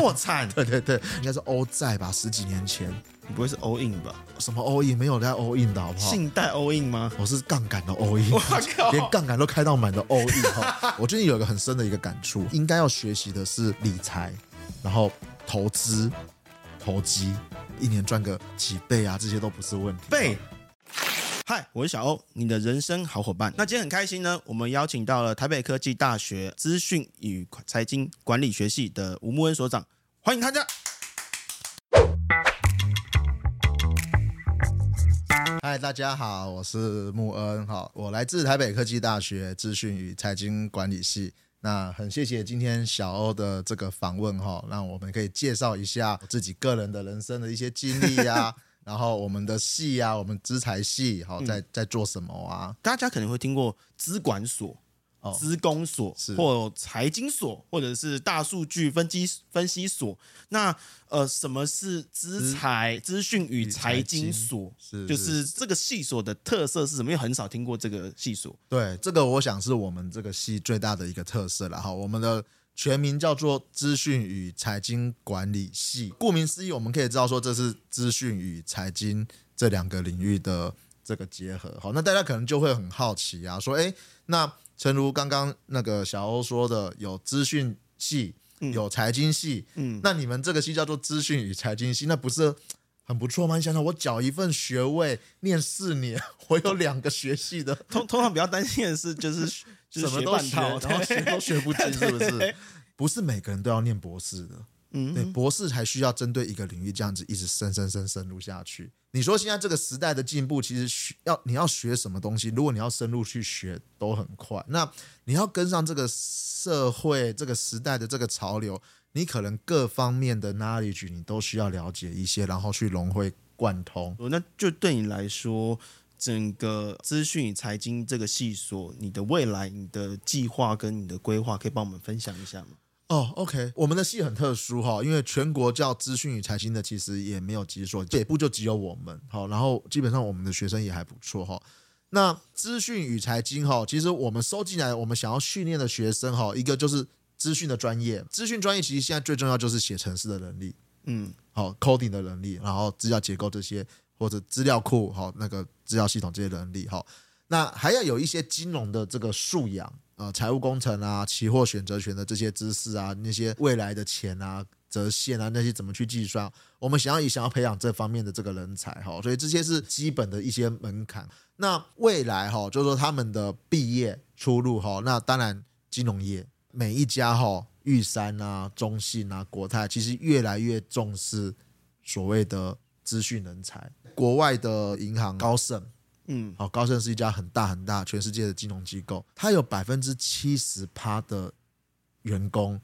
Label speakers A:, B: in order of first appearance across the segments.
A: 破
B: 產？對對對，應該是歐債吧？十幾年前，你不會是歐印吧？什麼歐印？In? 沒有在歐印的好不好？信貸歐印嗎？我是槓桿的歐印，in, 靠連槓桿都開到滿的歐印。 我最近有一個很深的一個感觸，應該要學習的是理財，然
A: 後投資、投機，一年賺個幾倍啊，這些都不是問題。倍。嗨，Hi, 我是小歐，你的人生好夥伴。那今天很開心呢，我們邀請到了台北科技大學資訊與財經管理學系的吳牧恩所長，歡迎大家。
B: 嗨，大家好，我是牧恩，我來自台北科技大學資訊與財經管理系。那很謝謝今天小歐的這個訪問哈，讓我們可以介紹一下自己個人的人生的一些經歷啊。 然後我們的系啊，我們資財系好，好在、嗯、在做什麼啊？大家可能會聽過資管所、
A: 哦、資工所是或財經所，或者是大數據分析分析所。那呃，什麼是資財資，資訊與財經，財經所？是是是就是這個系所的特色是什麼？因為很少聽過這個系所。對，這個我想是我
B: 們這個系最大的一個特色了。好，我們的。全名叫做資訊與財金管理系，顧名思義，我們可以知道說，這是資訊與財經這兩個領域的這個結合。好，那大家可能就會很好奇啊，說，哎、欸，那誠如剛剛那個小歐說的，有資訊系，有財經系，嗯嗯、那你們這個系叫做資訊與財經系，那不是？很不錯嗎？你想想，我繳一份學位，念四年，我有兩個學系的。通通常比較擔心的是，就是，就是什麼都學，然後學都學不精，是不是？不是每個人都要念博士的。嗯哼。對，博士才需要針對一個領域這樣子一直深、深、深、深入下去。你說現在這個時代的進步，其實需要你要學什麼東西，如果你要深入去學，都很快。那你要跟上這個社會、這個時代的這個潮流。你可能各方面的 knowledge 你都需要了解一些，然後去融會貫通。
A: 哦，那就對你來說，整個資訊與財經這個系所，你的未來，你的計劃跟你的規劃，可以幫我們分享一下嗎？
B: 哦，OK，我們的系很特殊哈，因為全國叫資訊與財經的其實也沒有幾所，北部就只有我們。好，然後基本上我們的學生也還不錯哈。那資訊與財經哈，其實我們收進來我們想要訓練的學生哈，一個就是。資訊的專業，資訊專業其實現在最重要就是寫程式的能力，嗯，好、哦，coding 的能力，然後資料結構這些，或者資料庫，好、哦，那個資料系統這些能力，哈、哦，那還要有一些金融的這個素養，呃，財務工程啊，期貨選擇權的這些知識啊，那些未來的錢啊，折現啊，那些怎麼去計算，我們想要以想要培養這方面的這個人才，哈、哦，所以這些是基本的一些門檻。那未來，哈、哦，就是說他們的畢業出路，哈、哦，那當然金融業。每一家哈，玉山啊、中信啊、國泰，其實越來越重視所謂的資訊人才。國外的銀行高盛，嗯，好，高盛是一家很大很大全世界的金融機構，它有百分之七十趴的員工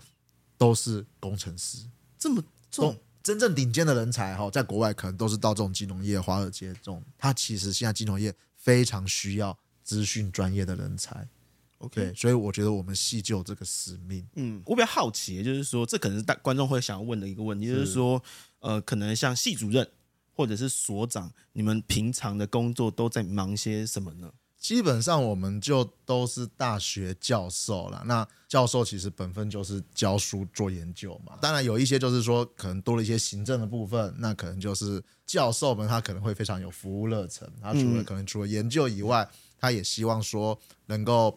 B: 都是工程師。
A: 這麼重，
B: 真正頂尖的人才哈，在國外可能都是到這種金融業、華爾街這種。它其實現在金融業非常需要資訊專業的人才。OK，所以我覺得我們系就有這個使命。嗯，
A: 我比較好奇，就是說這可能是大觀眾會想要問的一個問題，就是說，是呃，可能像系主任或者是所長，你們平常的工作都在忙些什麼呢？基本上我們就都是大學
B: 教授啦。那教授其實本分就是教書做研究嘛。當然有一些就是說，可能多了一些行政的部分。那可能就是教授們他可能會非常有服務熱忱。他除了、嗯、可能除了研究以外，他也希望說能夠。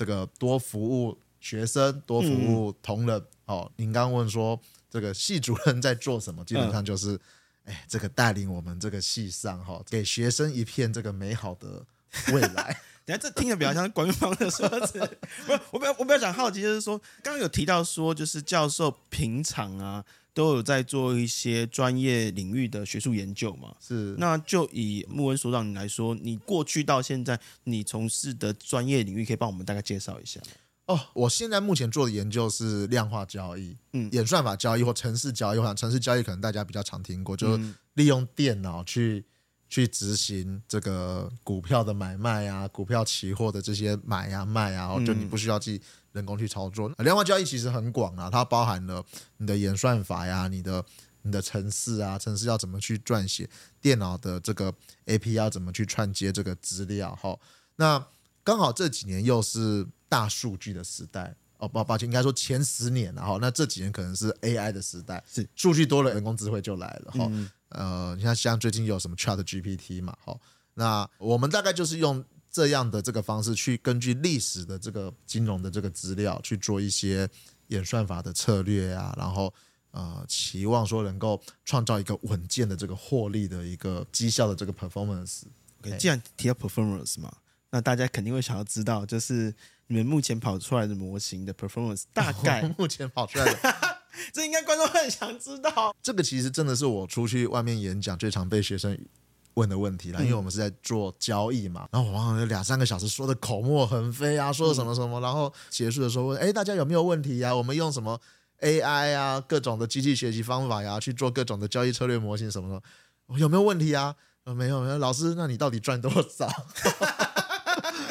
B: 這個多服務學生，多服務同仁。嗯嗯、哦。您剛問說這個系主任在做什麼，基本上就是，嗯、哎，這個帶領我們這個系上哈、哦，給學
A: 生一片這個美好的未來。 等下這聽着比較像官方 的說辭，不，我不要，我不要講好奇，就是說剛剛有提到說，就是教授平常啊。都有在做一些專業領域的學術研究嘛？是。那就以牧恩所長你來說，你過去到現在，你從事的專業領域，可以幫我們大概介紹一下嗎？哦，我現在目前做的研究是量化交易，嗯，演算法交易或程
B: 式交易，我想程式交易可能大家比較常聽過，就是利用電腦去去執行這個股票的買賣啊，股票期貨的這些買呀賣啊，就你不需要去。人工去操作，量化交易其實很廣啊，它包含了你的演算法呀，你的你的程式啊，程式要怎麼去撰寫，電腦的這個 A P 要怎麼去串接這個資料哈。那剛好這幾年又是大數據的時代哦，抱抱歉應該說前十年然、啊、那這幾年可能是 A I 的時代，數是據多了，人工智慧就來了哈。嗯嗯呃，你看像最近有什麼 Chat G P T 嘛，好，那我們大概就是用。這樣的這個方式去根據歷史的這個金融的這個資料去做一些演算法的策略啊，然後呃期望說能夠創造一個穩健的這個獲利的一個績效的這個 performance。
A: OK，既然提到 performance 嘛，嗯、那大家肯定會想要知道，就是你們目前跑出來的模型的 performance，大概目
B: 前跑出來的， 這應該觀眾很想知道。這個其實真的是我出去外面演講最常被學生問的問題啦，嗯、因為我們是在做交易嘛，然後往往有兩三個小時說的口沫橫飛啊，說什麼什麼，嗯、然後結束的時候問，哎，大家有沒有問題呀、啊？我們用什麼 AI 啊，各種的機器學習方法呀、啊，去做各種的交易策略模型什麼的，有沒有問題啊？沒有沒有，沒有，老師，那你到底賺多少？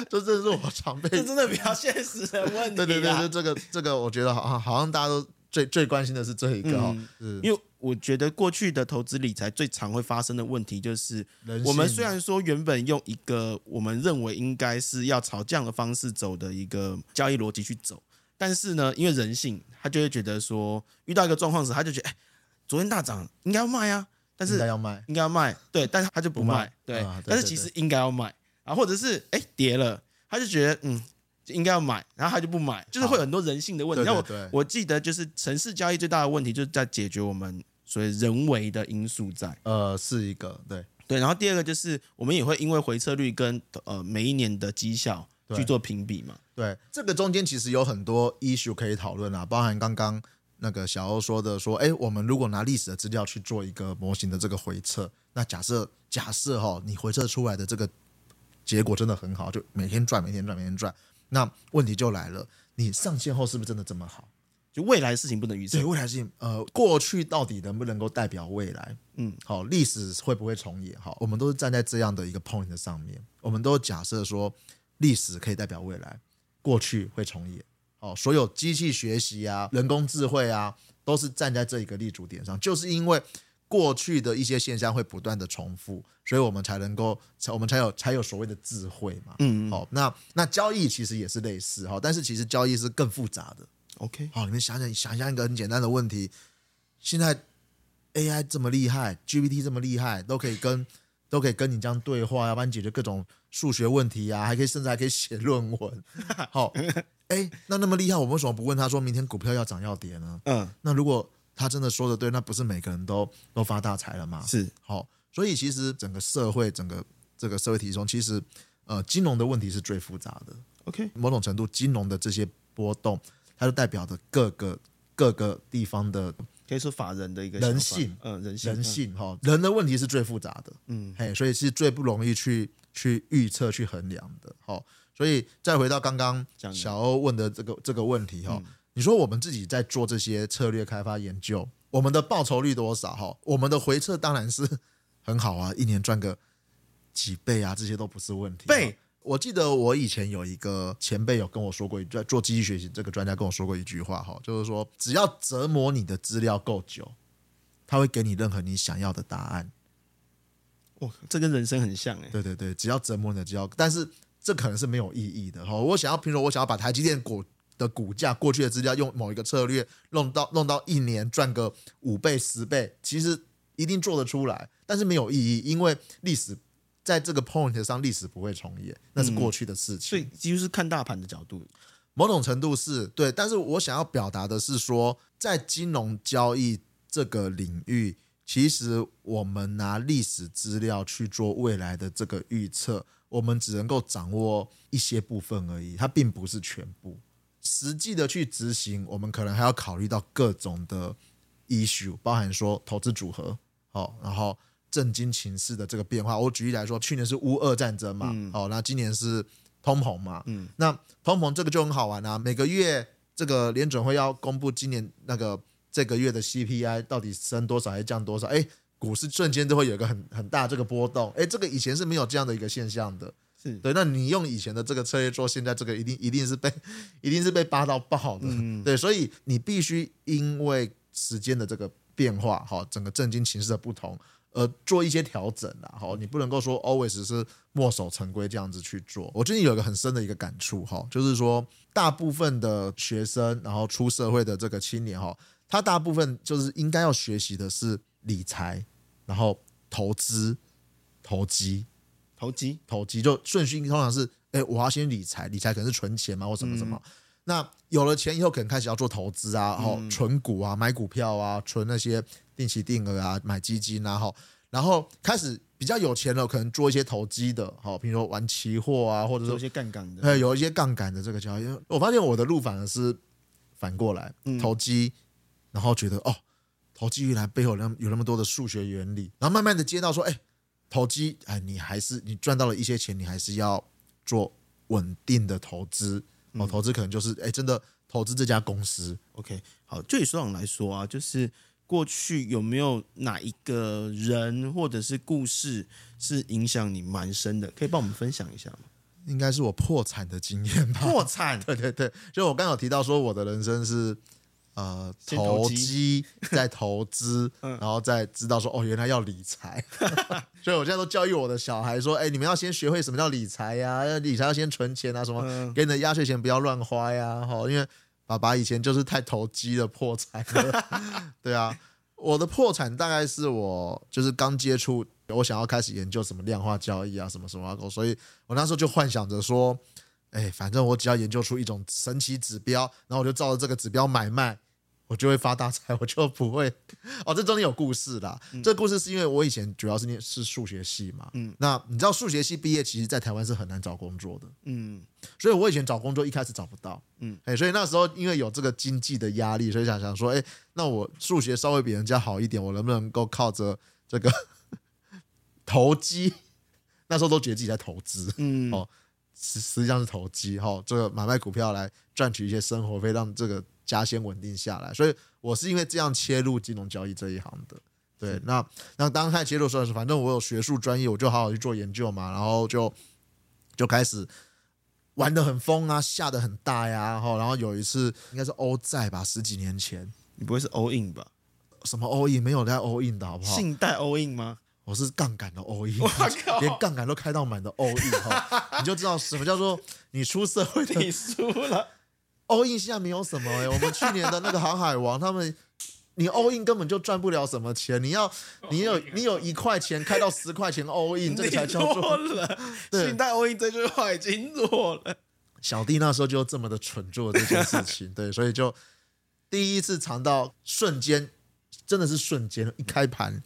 A: 這 這是我常被， 這真的比較現實的問題。對對對，這這個這個，這個、我覺得啊，好像大家都。最最關心的是這一個哈，因為我覺得過去的投資理財最常會發生的問題就是，我們雖然說原本用一個我們認為應該是要朝這樣的方式走的一個交易邏輯去走，但是呢，因為人性他就會覺得說，遇到一個狀況時他就覺得，哎、欸，昨天大漲應該要賣啊，但是應該要賣，應該要賣，對，但是他就不賣，對，但是其實應該要賣，啊，或者是哎、欸，跌了，他就覺得嗯。應該要買，然後他就不買，就是會有很多人性的問題。那我我記得就是程式交易最大的問題就是在解決我們所謂人為的因素在。呃，是一個，對對。然後第二個就是我們也會因為回撤率跟呃每一年的績效去做評比嘛。對，
B: 對，這個中間其實有很多 issue 可以討論啊，包含剛剛那個小歐說的說，說哎，我們如果拿歷史的資料去做一個模型的這個回測，那假設假設哈、哦，你回測出來的這個結果真的很好，就每天賺，每天賺，每天賺。那問題就來了，你上線後是不是真的這麼好？就未來的事情不能預測，未來的事情，呃，過去到底能不能夠代表未來？嗯，好，歷史會不會重演？好，我們都是站在這樣的一個 point 上面，我們都假設說歷史可以代表未來，過去會重演。好，所有機器學習啊，人工智慧啊，都是站在這一個立足點上，就是因為。過去的一些現象會不斷的重複，所以我們才能夠，我們才有才有所謂的智慧嘛。嗯，嗯，好、哦，那那交易其實也是類似哈，但是其實交易是更複雜的。OK，好、哦，你們想想，想一下一個很簡單的問題：現在 AI 這麼厲害，GPT 這麼厲害，都可以跟都可以跟你這樣對話啊，幫你解決各種數學問題啊，還可以甚至還可以寫論文。好、哦，誒、欸，那那麼厲害，我們為什麼不問他說明天股票要漲要跌呢？嗯，那如果。他真的說得對，那不是每個人都都發大財了嗎？是，好、哦，所以其實整個社會，整個這個社會體系中，其實呃，金融的問題是最複雜的。OK，某種程度，金融的這些波動，它就代表着各個各個地方的，
A: 可以說法人的一個人，人性，嗯、呃，人性，人性哈、
B: 哦，人的問題是最複雜的，嗯，嘿，所以是最不容易去去預測、去衡量的。好、哦，所以再回到剛剛講小歐問的這個這個問題，哈、哦。嗯你說我們自己在做這些策略開發研究，我們的報酬率多少？哈，我們的回測當然是很好啊，一年賺個幾倍啊，這些都不是問題、啊。倍我記得我以前有一個前輩有跟我說過，在做機器學習這個專家跟我說過一句話，哈，就是說，只要折磨你的資料夠久，他會給你任何你想要的答案。這跟人生很像哎、欸。對對對，只要折磨你的資料，但是這可能是沒有意義的。哈，我想要，譬如說，我想要把台積電股。的股價過去的資料用某一個策略弄到弄到一年賺個五倍十倍，其實一定做得出來，但是沒有意義，因為歷史在這個 point 上，歷史不會重演，那是過去的事情。所以，其實是看大盤的角度，某種程度是對，但是我想要表達的是說，在金融交易這個領域，其實我們拿歷史資料去做未來的這個預測，我們只能夠掌握一些部分而已，它並不是全部。實際的去執行，我們可能還要考慮到各種的 issue，包含說投資組合，好、哦，然後政經情勢的這個變化。我舉例來說，去年是烏俄戰爭嘛，好、嗯哦，那今年是通膨嘛，嗯，那通膨這個就很好玩啊，每個月這個聯準會要公布今年那個這個月的 CPI 到底升多少還是降多少，哎，股市瞬間就會有一個很很大這個波動，哎，這個以前是沒有這樣的一個現象的。是對，那你用以前的這個策略做，現在這個一定一定是被一定是被扒到爆的，嗯嗯、對，所以你必須因為時間的這個變化哈，整個政經情勢的不同而做一些調整，然後哈，你不能夠說 always 是墨守成規這樣子去做。我最近有一個很深的一個感觸哈，就是說大部分的學生然後出社會的這個青年哈，他大部分就是應該要學習的是理財，然後投資投機。投機，投機就順序通常是，哎、欸，我要先理財，理財可能是存錢嘛，或什麼什麼。嗯、那有了錢以後，可能開始要做投資啊，吼，嗯、存股啊，買股票啊，存那些定期定額啊，買基金啊，吼。然後開始比較有錢了，可能做一些投機的，哈，比如說玩期貨啊，或者說一些
A: 槓桿的，對、
B: 欸，有一些槓桿的這個交易。我發現我的路反而是反過來，嗯、投機，然後覺得哦，投機原來背後有那麼有那麼多的數學原理，然後慢慢的接到說，哎、欸。投機，啊、哎，你還是你賺到了一些錢，你還是要做穩定的投資。哦，投資可能
A: 就是，誒、哎，真的投資這家公司。OK，好，就以所長來說啊，就是過去有沒有哪一個人或者是故事是影響你蠻深的？可以幫我們分享一下嗎？應該是我破產的經驗吧。破產慘， 對對對，
B: 就我剛，剛有提到說，我的人生是。呃，投機再投資， 嗯、然後再知道說哦，原來要理財， 所以我現在都教育我的小孩說，哎、欸，你們要先學會什麼叫理財呀、啊，理財要先存錢啊，什麼、嗯、給你的壓歲錢不要亂花呀、啊，哦，因為爸爸以前就是太投機了破產了， 對啊，我的破產大概是我就是剛接觸，我想要開始研究什麼量化交易啊，什麼什麼、啊、所以，我那時候就幻想着說，哎、欸，反正我只要研究出一種神奇指標，然後我就照着這個指標買賣。我就會發大財，我就不會。哦，這中間有故事的。嗯、這故事是因為我以前主要是念是數學系嘛。嗯。那你知道數學系畢業，其實在台灣是很難找工作的。嗯。所以我以前找工作一開始找不到。嗯。哎、欸，所以那時候因為有這個經濟的壓力，所以想想說，哎、欸，那我數學稍微比人家好一點，我能不能夠靠着這個投機？ 那時候都覺得自己在投資。嗯。哦，實際上是投機。哈、哦，這個買賣股票來賺取一些生活費，讓這個。家先穩定下來，所以我是因為這樣切入金融交易這一行的。對，嗯、那那剛開始切入的時候，反正我有學術專業，我就好好去做研究嘛，然後就就開始玩得很瘋啊，下得很大呀。然後，然後有一次應該是歐債吧，十幾年前，你不會是歐印吧？什麼歐印？In? 沒有在歐印的好不好？信
A: 貸歐印嗎？
B: 我是槓桿的歐印，in, 我靠，連槓桿都開到滿的歐印， 你就知道什麼叫做你出社會你輸了。歐印現在沒有什麼哎、欸，我們去年的那個航海王，他們你歐印根本就賺不了什麼錢。你要你有你有一塊錢開到十塊錢歐印，這個才叫做。你做了，對，但歐印這句話已經錯了。小弟那時候就這麼的蠢做的這件事情，對，所以就第一次嚐到瞬間，真的是瞬間一開盤，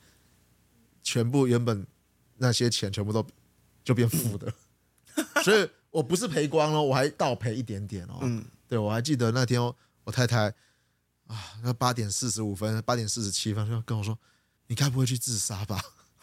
B: 全部原本那些錢全部都就變負的。所以我不是賠光了，我還倒賠一點點哦、喔。嗯。對，我還記得那天我，我太太啊，那八點四十五分、八點四十七分，就跟我說：“你該不會去自殺吧？”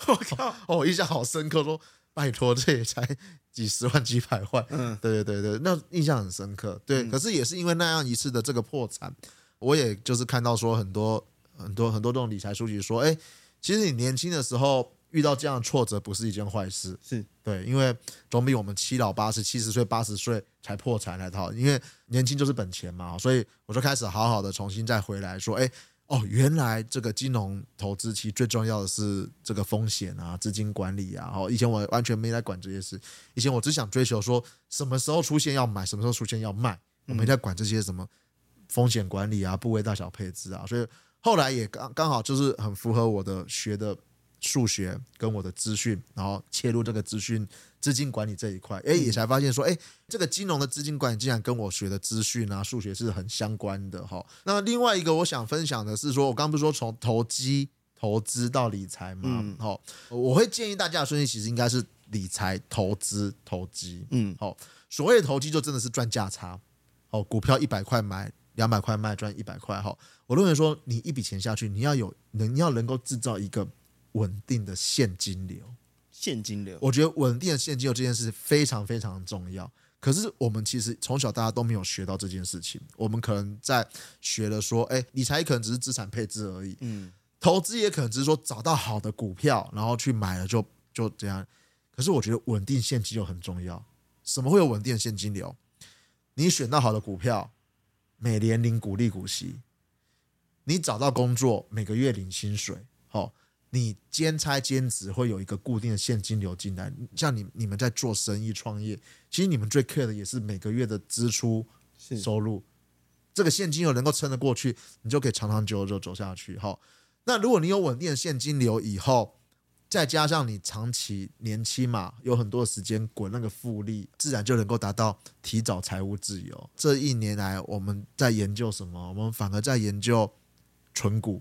B: 我靠、oh God. 哦！我、哦、印象好深刻說拜托，這也才幾十萬、幾百萬。嗯，對對對對，那印象很深刻。對，嗯、可是也是因為那樣一次的這個破產，我也就是看到說很多很多很多這種理財書籍說：“哎、欸，其實你年輕的時候。”遇到這樣的挫折不是一件壞事，是對，因為總比我們七老八十、七十歲、八十歲才破產來的好。因為年輕就是本錢嘛，所以我就開始好好的重新再回來說，哎，哦，原來這個金融投資其實最重要的是這個風險啊、資金管理啊。哦，以前我完全沒在管這些事，以前我只想追求說什麼時候出現要買，什麼時候出現要賣，我沒在管這些什麼風險管理啊、部位大小配置啊。所以後來也剛剛好就是很符合我的學的。數學跟我的資訊，然後切入這個資訊資金管理這一塊，哎、欸，也才發現說，哎、欸，這個金融的資金管理竟然跟我學的資訊啊數學是很相關的哈。那另外一個我想分享的是說，說我剛不是說從投機投資到理財嗎？好、嗯，我會建議大家的順序其實應該是理財投資投機，嗯，好，所謂的投機就真的是賺價差，哦，股票一百塊買兩百塊賣賺一百塊哈。我認為說你一筆錢下去，你要有能要，要能夠制造一個。穩定的現金流，
A: 現金流，我
B: 覺得穩定的現金流這件事非常非常重要。可是我們其實從小大家都沒有學到這件事情。我們可能在學了說，哎，理財可能只是資產配置而已。嗯，投資也可能只是說找到好的股票，然後去買了就就這樣。可是我覺得穩定現金流很重要。什麼會有穩定的現金流？你選到好的股票，每年領股利股息；你找到工作，每個月領薪水。好。你兼差兼職會有一個固定的現金流進來，像你你們在做生意創業，其實你們最 care 的也是每個月的支出收入，是 這個現金流能夠撐得過去，你就可以長長久久走下去哈。那如果你有穩定的現金流以後，再加上你長期年期嘛，有很多時間滾那個複利，自然就能夠達到提早財務自由。這一年來我們在研究什麼？我們反而在研究存股，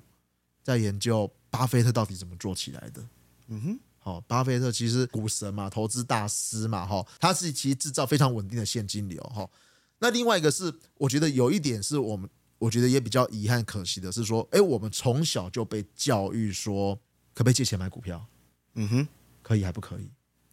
B: 在研究。巴菲特到底怎麼做起來的？嗯哼，好，巴菲特其實股神嘛，投資大師嘛，哈，他是其實製造非常穩定的現金流，哈。那另外一個是，我覺得有一點是我們，我覺得也比較遺憾、可惜的是說，誒，我們從小就被
A: 教育說，可不可以借錢買股票？嗯哼，可以還不可以？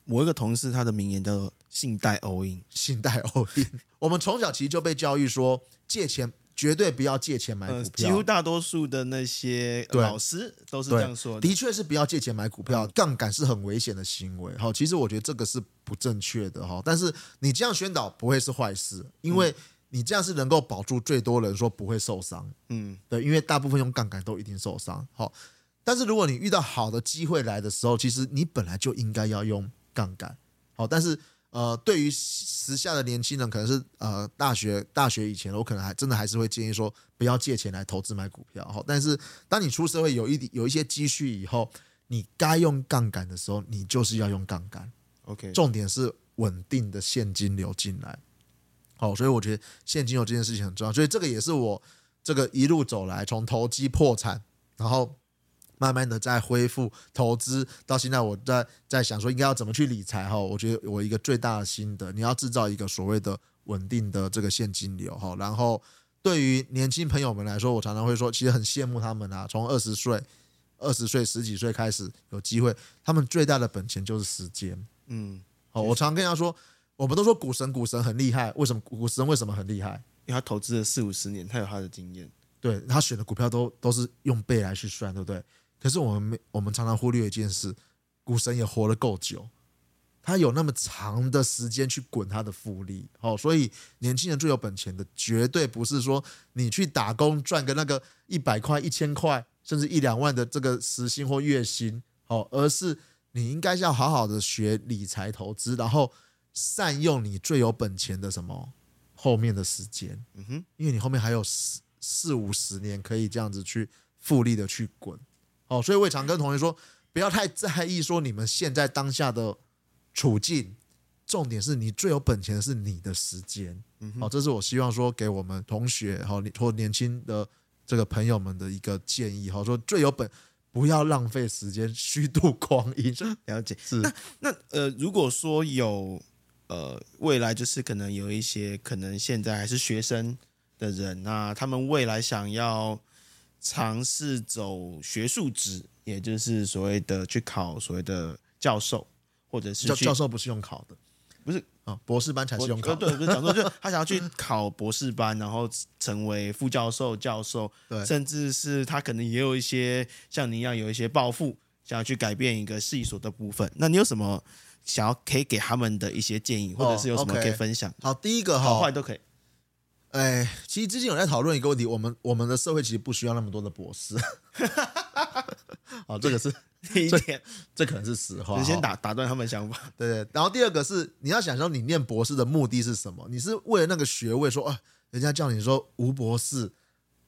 A: 我一個同事他的名言叫信貸 all in，信貸 all in。
B: 我們從小其實就被教育說，借錢。絕對不要借錢買股票，呃。幾乎
A: 大多數的那些，呃、對老師都是這樣說的。的
B: 確是不要借錢買股票，槓桿，嗯、是很危險的行為。好，其實我覺得這個是不正確的哈。但是你這樣宣導不會是壞事，因為你這樣是能夠保住最多人說不會受傷。嗯，嗯，對，因為大部分用槓桿都一定受傷。好，但是如果你遇到好的機會來的時候，其實你本來就應該要用槓桿。好，但是。呃，對於時下的年輕人，可能是呃大學大學以前，我可能還真的還是會建議說不要借錢來投資買股票哈。但是當你出社會有一有一些積蓄以後，你該用槓桿的時候，你就是要用槓桿。
A: OK，重點
B: 是穩定的現金流進來。好，哦，所以我覺得現金流這件事情很重要。所以這個也是我這個一路走來，從投機破產，然後。慢慢的在恢復投資，到現在我在在想說應該要怎麼去理財哈，我覺得我一個最大的心得，你要制造一個所謂的穩定的這個現金流哈。然後對於年輕朋友們來說，我常常會說，其實很羨慕他們啊，從二十歲二十歲十幾歲開始有機會，他們最大的本錢就是時間。嗯，好，我常常跟他說，我們都說股神股神很厲害，為什麼股股神為什麼很厲害？
A: 因為他投資了四五十年，他有他的經驗，
B: 對他選的股票都都是用倍來去算，對不對？可是我們沒，我們常常忽略一件事，股神也活得夠久，他有那麼長的時間去滾他的複利，好、哦，所以年輕人最有本錢的，絕對不是說你去打工賺個那個一百塊、一千塊，甚至一兩萬的這個時薪或月薪，哦，而是你應該要好好的學理財投資，然後善用你最有本錢的什麼後面的時間，嗯哼，因為你後面還有四四五十年可以這樣子去複利的去滾。哦，所以我也常跟同學說，不要太在意說你們現在當下的處境，重點是你最有本錢的是你的時間。嗯哼，好，這是我希望說給我們同學哈或年輕的這個朋友們的一個建議哈，說最有本不要浪費時間，虛度光陰。了解，是那
A: 那呃，如果說有呃未來就是可能有一些可能現在還是學生的人啊，他們未來想要。嘗試走學術職，也就是所謂的去考所謂的教授，或者是教，教授不是用考的，不是啊，哦、博士班才是用考，的考。對，不是講說，就是他想要去考博士班， 然後成為副教授、教授，對甚至是他可能也有一些像你一樣有一些抱負，想要去改變一個事務所的部分。那你有什麼想要可以給他們的一些建議，哦、或者是有什麼可以分享、哦 okay？好，第一個，好壞都可以。哎、欸，
B: 其實最近有在討論一個問題，我們我們的社會其實不需要那麼多的博士。
A: 好，這個是第一點，這也可能是實話。你先打打斷他們想法。對，對對。
B: 然後第二個是，你要想象你念博士的目的是什麼？你是為了那個學位說啊、呃，人家叫你說吳博士、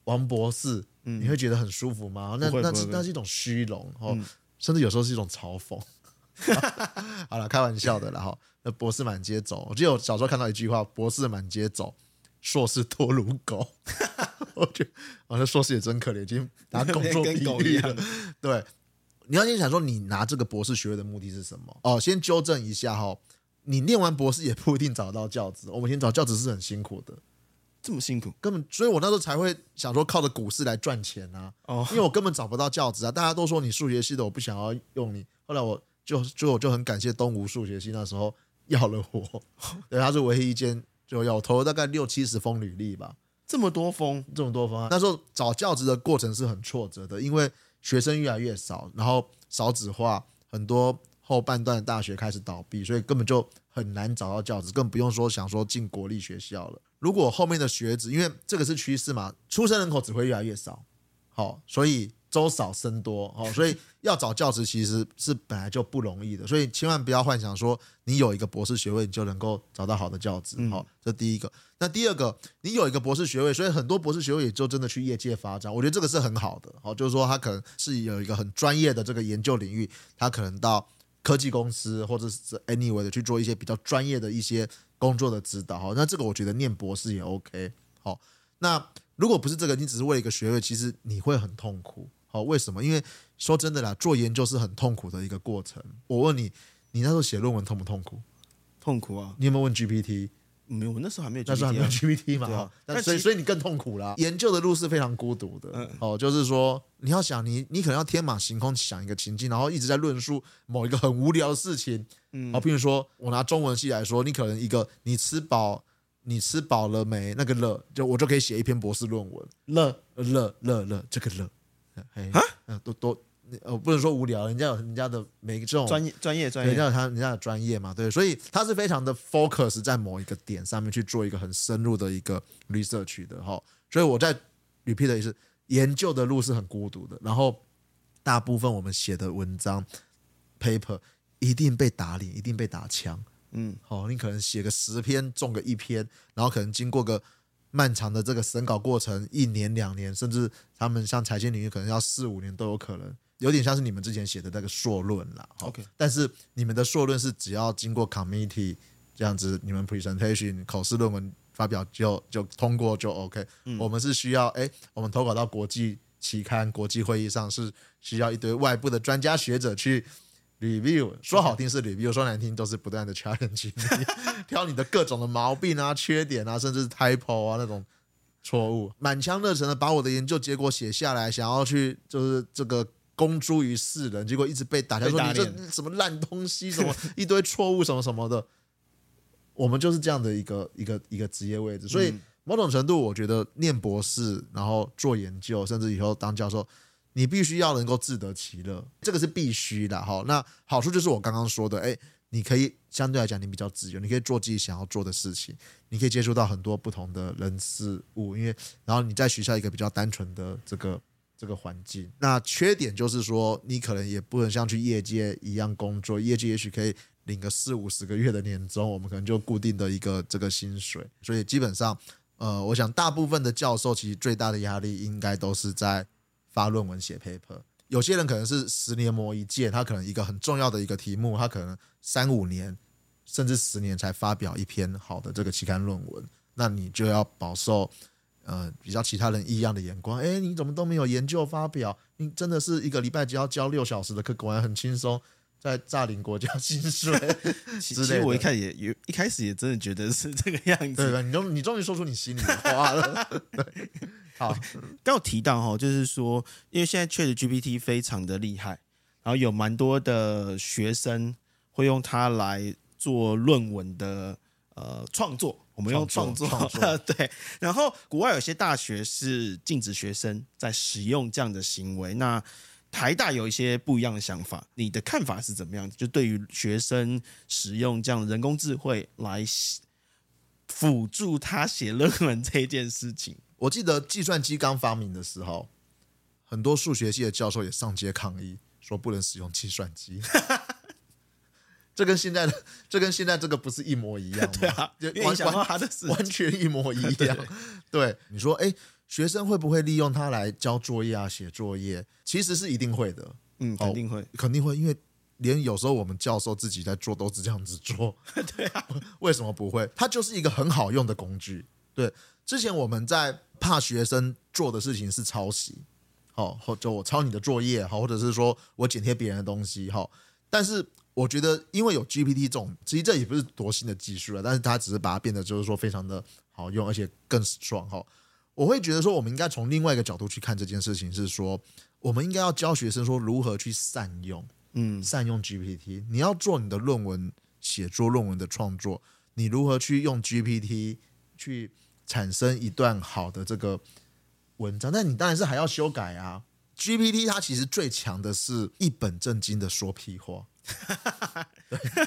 B: 王博士，嗯、你會覺得很舒服嗎？嗯、那那是那是一種虛榮、嗯哦，甚至有時候是一種嘲諷、嗯。 好了，開玩笑的。啦。後那對、喔、博士滿街走，我記得我小時候看到一句話，博士滿街走。碩士多如狗， 我覺得啊，那碩士也真可憐，今天拿工作比喻了。 跟狗一樣的。對，你要先想說，你拿這個博士學位的目的是什麼？哦，先糾正一下哈，你念完博士也不一定找得到教職。我們先找教職是很辛苦的，這麼辛苦，根本，所以我那時候才會想說靠着股市來賺錢啊。哦，因為我根本找不到教職啊，大家都說你數學系的，我不想要用你。後來我就最後就，就很感謝東吳數學系那時候要了我，對，他是唯一一間。就有投了大概六七十封履歷吧，
A: 這麼多封，這麼多封。那時候
B: 找教職的過程是很挫折的，因為學生越來越少，然後少子化，很多後半段的大學開始倒閉，所以根本就很難找到教職，更不用說想說進國立學校了。如果後面的學子，因為這個是趨勢嘛，出生人口只會越來越少，好，所以。周少生多哦，所以要找教職其實是本來就不容易的，所以千萬不要幻想說你有一個博士學位你就能夠找到好的教職哦。這第一個，那第二個，你有一個博士學位，所以很多博士學位也就真的去業界發展，我覺得這個是很好的哦。就是說他可能是有一個很專業的這個研究領域，他可能到科技公司或者是 anyway 的去做一些比較專業的一些工作的指導哈，哦。那這個我覺得念博士也 OK，哦。好，那如果不是這個，你只是為了一個學位，其實你會很痛苦。哦，為什麼？因為說真的啦，做研究是很痛苦的一個過程。我問你，你那時候寫論文痛不痛苦？痛苦啊！你有沒有問 GPT？
A: 沒有、嗯，我那時候還沒有 GPT、啊、嘛？啊、但所以但其所以你更痛苦啦。
B: 研究的路是非常孤獨的。嗯、哦，就是說你要想你，你可能要天馬行空想一個情境，然後一直在論述某一個很無聊的事情。嗯。比如說我拿中文系來說，你可能一個你吃飽，你吃飽了沒？那個“了，就我就可以寫一篇博士論文，“了了了了，這個“了。啊，都都嘿蛤，多，我不能說無聊，人家有人家的每一個這種專業，專業人，人家有他人家的專業嘛，對，所以他是非常的 focus 在某一個點上面去做一個很深入的一個 research 的哈，所以我在 repeat 也是研究的路是很孤獨的，然後大部分我們寫的文章 paper 一定被打臉，一定被打槍，嗯，好，你可能寫個十篇中個一篇，然後可能經過個。漫長的這個審稿過程，一年兩年，甚至他們像財經領域可能要四五年都有可能，有點像是你們之前寫的那個碩論了。OK，但是你們的碩論是只要經過 committee 這樣子，你們 presentation 口試論文發表就就通過就 OK。嗯、我們是需要哎、欸，我們投稿到國際期刊、國際會議上是需要一堆外部的專家學者去。review 說好聽是 review，說難聽都是不斷的 challenge，挑你的各種的毛病啊、 缺點啊，甚至是 typo 啊那種錯誤， 滿腔熱忱的把我的研究結果寫下來，想要去就是這個公諸於世人，結果一直被打掉，打說你這什麼爛東西，什麼 一堆錯誤，什麼什麼的。我們就是這樣的一個一個一個職業位置，所以某種程度，我覺得念博士，然後做研究，甚至以後當教授。你必須要能夠自得其樂，這個是必須的哈。好，那好處就是我剛剛說的，哎，你可以相對來講你比較自由，你可以做自己想要做的事情，你可以接觸到很多不同的人事物，因為然後你在學校一個比較單純的這個這個環境。那缺點就是說，你可能也不能像去業界一樣工作，業界也許可以領個四五十個月的年終，我們可能就固定的一個這個薪水。所以基本上，呃，我想大部分的教授其實最大的壓力應該都是在。發論文寫 paper，有些人可能是十年磨一劍，他可能一個很重要的一個題目，他可能三五年甚至十年才發表一篇好的這個期刊論文。那你就要飽受呃比較其他人異樣的眼光，哎、欸，你怎麼都沒有研究發表？你真的是一個禮拜就要教六小時的課，果然很輕鬆，在詐領國家薪水 其。其實我一看
A: 也有 一開始也真的覺得是這個樣子。對吧？你
B: 終你終於說出你心裡的話了。
A: Okay, 好，剛有提到哈，就是說，因為現在 ChatGPT 非常的厲害，然後有蠻多的學生會用它來做論文的呃創作，我們用創作，作，作 對，然後國外有些大學是禁止學生在使用這樣的行為，那台大有一些不一樣的想法，你的看法是怎麼樣的？就對於學生使用這樣的人工智慧來輔助他寫論文這件事
B: 情。我記得計算機剛發明的時候，很多數學系的教授也上街抗議，說不能使用計算機。 這跟現在的這跟現在這個不是一模一樣嗎？完全一模一樣。 對，對，你說，哎、欸，學生會不會利用它來交作業啊、寫作業？其實是一定會的。嗯，肯定會，肯定會，因為連有時候我們教授自己在做都是這樣子做。 對啊，為什麼不會？它就是一個很好用的工具。對。之前我們在怕學生做的事情是抄襲，好、哦，或就我抄你的作業，好，或者是說我剪貼別人的東西，哈、哦。但是我覺得，因為有 GPT 這種，其實這也不是多新的技術了，但是它只是把它變得就是說非常的好用，而且更爽，哈、哦。我會覺得說，我們應該從另外一個角度去看這件事情，是說，我們應該要教學生說如何去善用，嗯，善用 GPT。你要做你的論文寫作，論文的創作，你如何去用 GPT 去。產生一段好的這個文章，但你當然是還要修改啊。GPT 它其實最強的是一本正經的說屁話，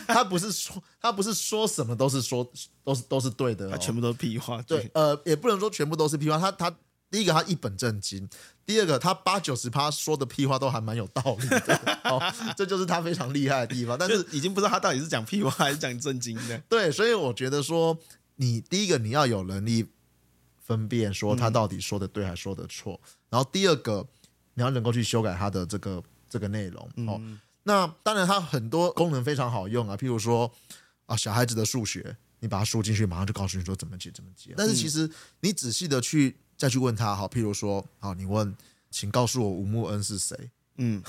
B: 它 對，不是說它不是說什麼都是說都是都是對的、喔，它全部都是屁話。對，呃，也不能說全部都是屁話，它它第一個它一本正經，第二個它八九十趴說的屁話都還蠻有
A: 道理的、喔，這就是它非常厲害的地方。但是已經不知道它到底是講屁話還是講正經的。
B: 對，所以我覺得說。你第一個，你要有能力分辨說他到底說的對還說的錯，然後第二個，你要能夠去修改他的這個這個內容。哦，那當然他很多功能非常好用啊，譬如說啊，小孩子的數學，你把它輸進去，馬上就告訴你說怎麼解怎麼解。但是其實你仔細的去再去問他，好，譬如說，好，你問，請告訴我吳牧恩是誰？嗯。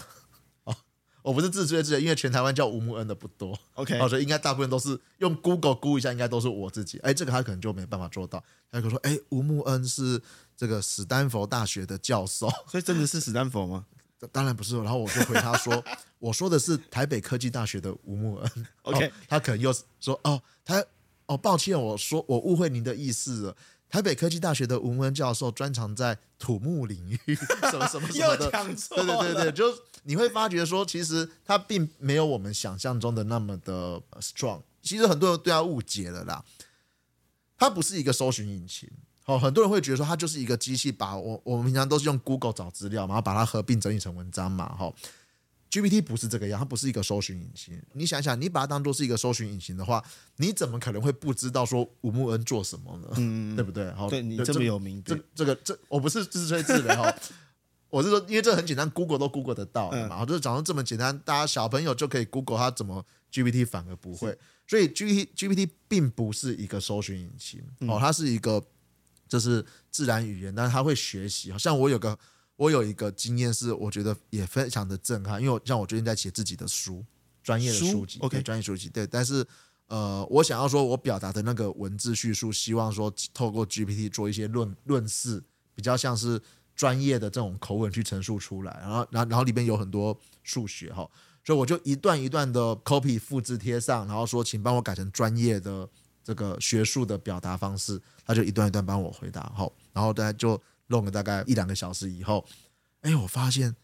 B: 我不是自吹自擂，因為全台灣叫吳牧恩的不多。OK，我覺得應該大部分都是用 Google 估一下，應該都是我自己。哎、欸，這個他可能就沒辦法做到。他可說：“哎、欸，吳牧恩是這個史丹佛大學的教授。”所以真的是史丹佛嗎？當然不是。然後我就回他說：“ 我說的是台北科技大學的吳牧恩。”OK，哦、他可能又是說：“哦，他哦，抱歉，我說我誤會您的意思了。”台北科技大學的文文教授專長在土木領域，什麼什麼什麼的， 錯對對對對，就你會發覺說，其實它並沒有我們想象中的那麼的 strong。其實很多人都要誤解了啦，它不是一個搜尋引擎，好，很多人會覺得說它就是一個機器把，把我我們平常都是用 Google 找資料，然後把它合併整理成文章嘛，哈。GPT 不是這個樣，它不是一個搜尋引擎。你想想，你把它當做是一個搜尋引擎的話，你怎麼可能會不知道說吳牧恩做什麼呢？嗯、對不對？好對你這麼有名，這這個這我不是自吹自擂哈，就是、 我是說，因為這很簡單，Google 都 Google 得到的嘛。然後、嗯、就是講的這麼簡單，大家小朋友就可以 Google 它怎麼 GPT，反而不會。是所以 GPT GPT 並不是一個搜尋引擎，嗯、哦，它是一個就是自然語言，但是它會學習。好像我有個。我有一個經驗是，我覺得也非常的震撼，因為我像我最近在寫自己的書，專業的書籍書，OK，專業書籍，對。但是，呃，我想要說，我表達的那個文字敘述，希望說透過 GPT 做一些論論事，比較像是專業的這種口吻去陳述出來。然後，然後然後裡邊有很多數學哈、哦，所以我就一段一段的 copy 複製貼上，然後說，請幫我改成專業的這個學術的表達方式，他就一段一段幫我回答好、哦，然後大家就。弄了大概一兩個小時以後，哎，我發現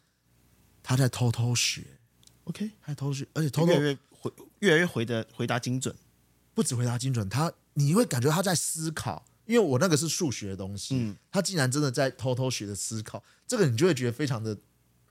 B: 他在偷偷學。OK，還偷,偷
A: 學，而且偷偷越回越來越回答回,回答精準，
B: 不止回答精準，他你會感覺他在思考，因為我那個是數學的東西，嗯，他竟然真的在偷偷學的思考，這個你就會覺得非常的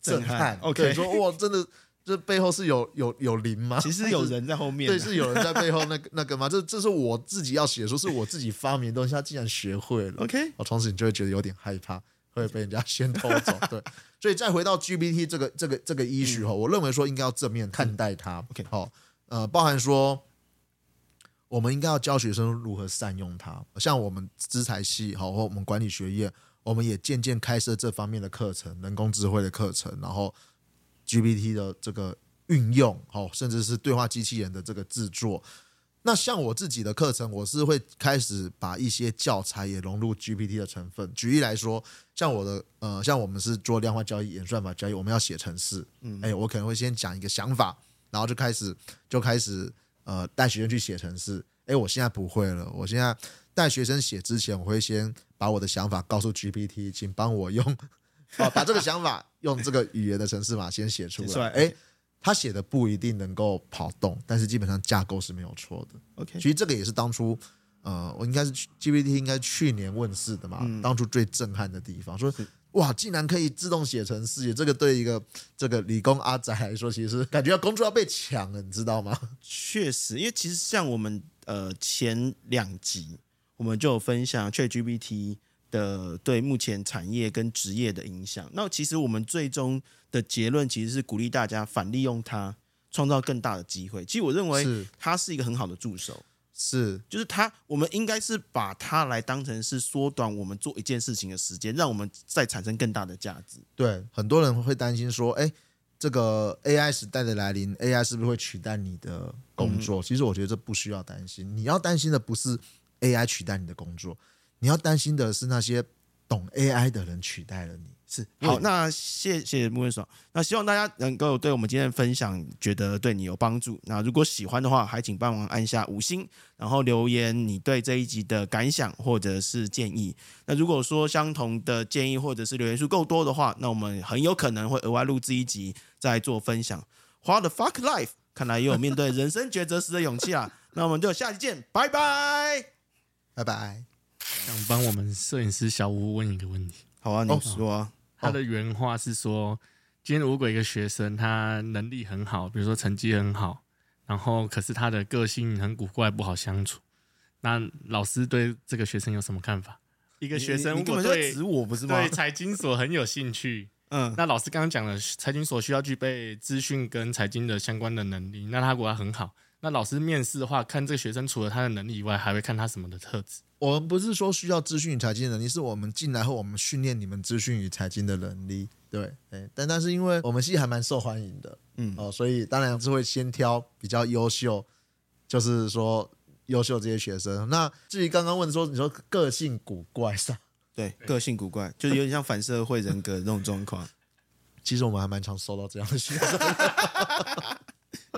B: 震撼。震撼 OK，你說哇，真的。 這背後是有有有靈嗎？其實有人在後面、啊，對，是有人在背後那個那個嗎？這這是我自己要寫的，說是我自己發明的東西，他竟然學會了。OK，好，從此你就會覺得有點害怕，會被人家先偷走。對， 所以再回到 GPT 這個這個這個 issue 哈，我認為說應該要正面看待它。嗯、OK，好，呃，包含說，我們應該要教學生如何善用它。像我們資財系，好，或我們管理學院，我們也漸漸開設這方面的課程，人工智慧的課程，然後。GPT 的這個運用，甚至是對話機器人的這個製作。那像我自己的課程，我是會開始把一些教材也融入 GPT 的成分。舉例來說，像我的呃，像我們是做量化交易、演算法交易，我們要寫程式。哎、嗯欸，我可能會先講一個想法，然後就開始就開始呃帶學生去寫程式。哎、欸，我現在不會了，我現在帶學生寫之前，我會先把我的想法告訴 GPT，請幫我用。 哦、 啊，把這個想法用這個語言的程式碼先寫出來。哎，欸、Okay. 他寫的不一定能夠跑動，但是基本上架構是沒有錯的。OK，其實這個也是當初，呃，我應該是 GPT 應該去年問世的嘛。嗯、當初最震撼的地方，說哇，竟然可以自動寫程式，這個對一個這個理工阿宅來說，其實感覺要工作要被搶了，你知道嗎？
A: 確實，因為其實像我們呃前兩集，我們就有分享 ChatGPT。呃，對目前產業跟職業的影響，那其實我們最終的結論其實是鼓勵大家反利用它，創造更大的機會。其實我認為它是一個很好的助手，是，就是它，我們應該是把它來當成是縮短我們做一件事情的時間，讓我們再產生更大的價值。
B: 對，很多人會擔心說，哎，這個 AI 時代的來臨，AI 是不是會取代你的工作？嗯。其實我覺得這不需要擔心，你要擔心的不是 AI 取代你的工作。你要擔心的是那些懂 AI 的人取代了你，是，好。嗯、那
A: 謝謝，嗯、謝謝牧恩爽。那希望大家能夠對我們今天的分享覺得對你有幫助。那如果喜歡的話，還請幫忙按下五星，然後留言你對這一集的感想或者是建議。那如果說相同的建議或者是留言數夠多的話，那我們很有可能會額外錄製一集再做分享。What the fuck life， 看來也有面對人生抉擇時的勇氣啊。 那我們就下期見，拜拜，拜拜。想幫我們攝影師小吳問一個問題。好啊，你、哦、說啊，他的原話是說：哦、今天如果一個學生他能力很好，比如說成績很好，嗯、然後可是他的個性很古怪，不好相處，那老師對這個學生有什麼看法？一個學生如果對根本是在指我，不是嗎？對財經所很有興趣。嗯，那老師剛剛講了財經所需要具備資訊跟財經的相關的能力，那他果然很好。那老師面試的話，看這個學生除了他的能力以外，還會看他什麼的特質？
B: 我們不是說需要資訊與財經的能力，是我們進來後，我們訓練你們資訊與財經的能力對。對，但但是因為我們系還蠻受歡迎的，嗯，哦，所以當然是會先挑比較優秀，就是說優秀這些學生。那至於剛剛問說你說個性古怪上，啊、對，
A: 個性古怪，對就是有點像反社會人格這種狀況。 其實我們還蠻常收到這樣的學生。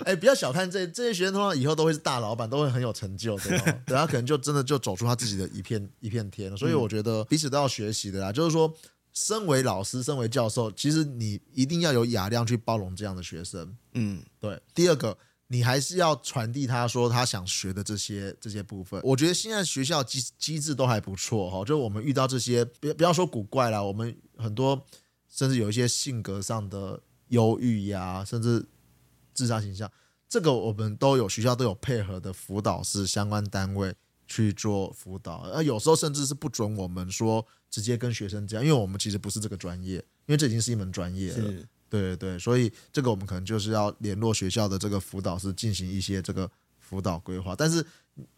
A: 哎，不要、欸、小看這些這些學生通常以後都會是大老闆，都會很
B: 有成就的。對吧？ 對，他可能就真的就走出他自己的一片一片天了。所以我覺得彼此都要學習的啦。就是說，身為老師，身為教授，其實你一定要有雅量去包容這樣的學生。嗯，對。第二個，你還是要傳遞他說他想學的這些這些部分。我覺得現在學校機機制都還不錯哈。就是我們遇到這些，不要不要說古怪啦，我們很多甚至有一些性格上的憂鬱呀、啊，甚至。自殺形象，這個我們都有學校都有配合的輔導師相關單位去做輔導，而、啊、有時候甚至是不准我們說直接跟學生這樣，因為我們其實不是這個專業，因為這已經是一門專業了，是對對對，所以這個我們可能就是要聯絡學校的這個輔導師進行一些這個輔導規劃。但是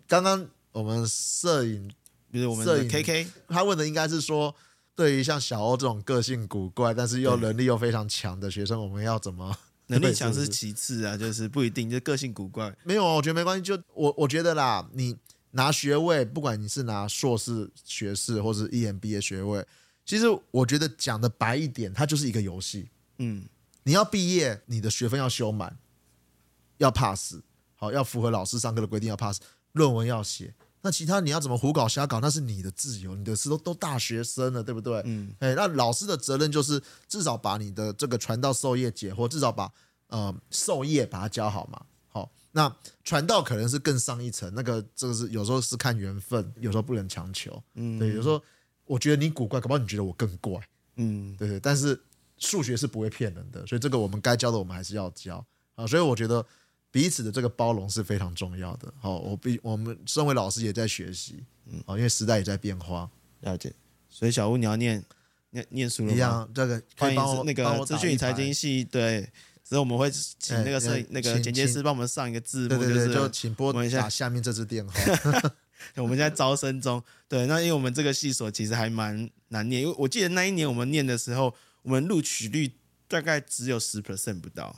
B: 剛剛我們攝影，比如我們攝影 K K，他問的應該是說，對於像小歐這種個性古怪，但是又能力又非常強的學生，嗯、我們要怎麼？能力強是其次
A: 啊，就是不一定，就個性古怪。
B: 沒有我覺得沒關係。就我我覺得啦，你拿學位，不管你是拿碩士、學士，或者 EMBA 學位，其實我覺得講的白一點，它就是一個遊戲。
A: 嗯，
B: 你要畢業，你的學分要修滿，要 pass，好，要符合老師上課的規定，要 pass，論文要寫。那其他你要怎麼胡搞瞎搞？那是你的自由，你的事都都大學生了，對不對？嗯，誒、欸，那老師的責任就是至少把你的這個傳道授業解惑，至少把呃授業把它教好嘛。好，那傳道可能是更上一層，那個這個是有時候是看緣分，有時候不能強求。嗯，對，有時候我覺得你古怪，搞不好你覺得我更怪。嗯，
A: 對，
B: 對，對，但是數學是不會騙人的，所以這個我們該教的我們還是要教啊。所以我覺得。彼此的這個包容是非常重要的。好，我比我們身為老師也在學習，嗯，哦，因為時代也在變化，嗯、了解。所以小吳，
A: 你要念念念書了一樣。這個可以幫我那個資訊與財經系，對，所以我們會請那個攝影、欸呃，那個剪接師幫我們上一個字幕，欸呃、對對，對就請撥通一下下面這支電話。 我們在招生中，對，那因為我們這個系所其實還蠻難念，因為我記得那一年我們念的時候，我們錄取率大概只有十 percent 不到。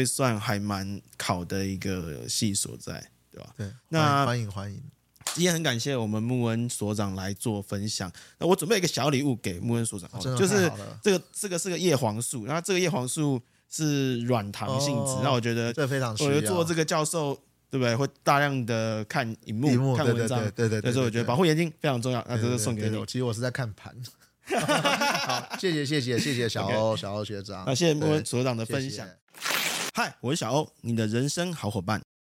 A: 以算還蠻考的一個戲所在，對吧？對，那歡迎歡迎，今天很感謝我們牧恩所長來做分享。那我準備一個小禮物給牧恩所長，就是這個這個是個葉黃素，然後這個葉黃素是軟糖性質，那我覺得這非常，我覺得做這個教授對不對？會大量的看熒幕、看文章，對對對。所以我覺得保護眼睛非常重要，那這個送給你。其實我是在看盤。
B: 好，謝謝謝謝謝謝小歐小歐學長，那謝謝牧恩所長的分享。
A: 嗨，Hi, 我是小歐，你的人生好夥伴。